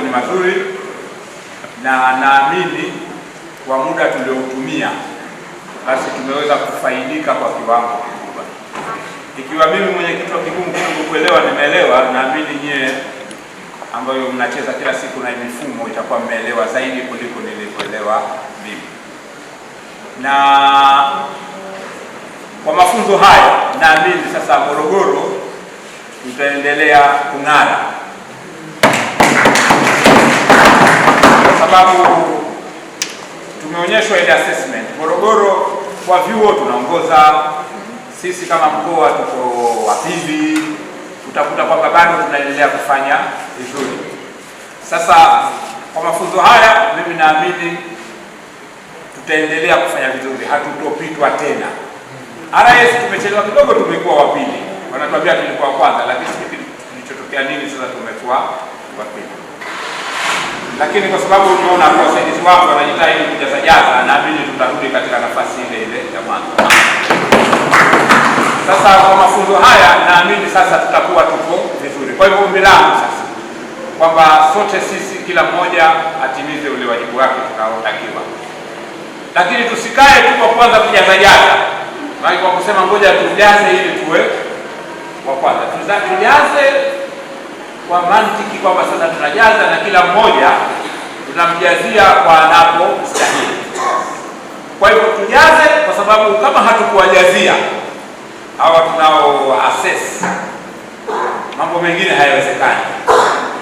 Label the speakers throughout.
Speaker 1: mafunzo ni mazuri na naamini kwa muda tulioutumia basi tumeweza kufaidika kwa kiwango kikubwa. Ikiwa mimi mwenyekiti wa kigumu kidogo kuelewa, nimeelewa. Naamini nyie ambayo mnacheza kila siku na mifumo itakuwa mmeelewa zaidi kuliko nilivyoelewa mimi. Na kwa mafunzo haya naamini sasa Morogoro tutaendelea kung'ara. sababu tumeonyeshwa ile assessment. Morogoro kwa vyuo tunaongoza sisi kama mkoa, tuko wa pili. Utakuta kwamba bado tunaendelea kufanya vizuri. Sasa kwa mafunzo haya, mimi naamini tutaendelea kufanya vizuri, hatutopitwa tena. RS tumechelewa kidogo, tumekuwa wa pili, wanatuambia tulikuwa kwanza, lakini kilichotokea nini? Sasa tumekuwa wa pili lakini kwa sababu tunaona wasaidizi wako wanajitahidi kujazajaza, naamini tutarudi katika nafasi ile ile ya mwanzo. Sasa kwa mafunzo haya, naamini sasa tutakuwa tuko vizuri. Kwa hivyo ombi langu sasa kwamba sote sisi, kila mmoja atimize ule wajibu wake tunaotakiwa, lakini tusikae tu kwa kwanza kujazajaza, jaza, kwa kusema ngoja tujaze ili tuwe wa kwanza, tujaze kwa mantiki kwamba sasa tunajaza na kila mmoja tunamjazia kwa stahili. Kwa hivyo tujaze, kwa sababu kama hatukuwajazia hawa tunao assess, mambo mengine hayawezekani,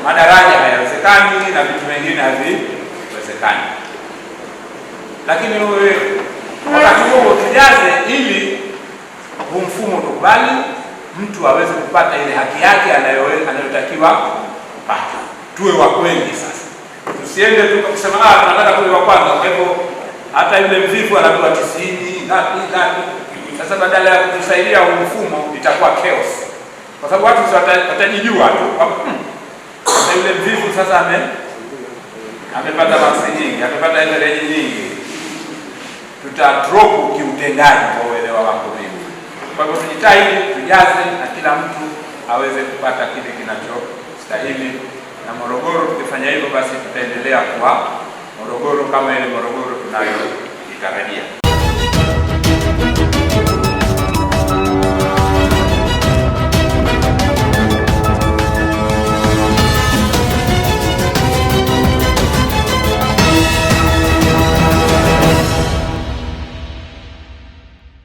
Speaker 1: madaraja hayawezekani na vitu vingine haviwezekani. Lakini wakati huo tujaze, ili huu mfumo tukubali mtu aweze kupata ile haki yake anayotakiwa kupata. Tuwe wa kweli sasa, tusiende tu kusema ah, tunataka tuwe wa kwanza. Kwa hivyo hata yule mvivu anapewa tisini ngapi ngapi. Sasa badala ya kutusaidia mfumo, itakuwa chaos, kwa sababu watu watajijua tu. Hmm. Sasa yule mvivu sasa ame amepata maksi nyingi, amepata ile nyingi, tuta drop kiutendaji kwa uelewa wako. Kwa hivyo tujitahidi, tujaze na kila mtu aweze kupata kile kinachostahili, na Morogoro tukifanya hivyo, basi tutaendelea kuwa Morogoro kama ile Morogoro tunayoitarajia.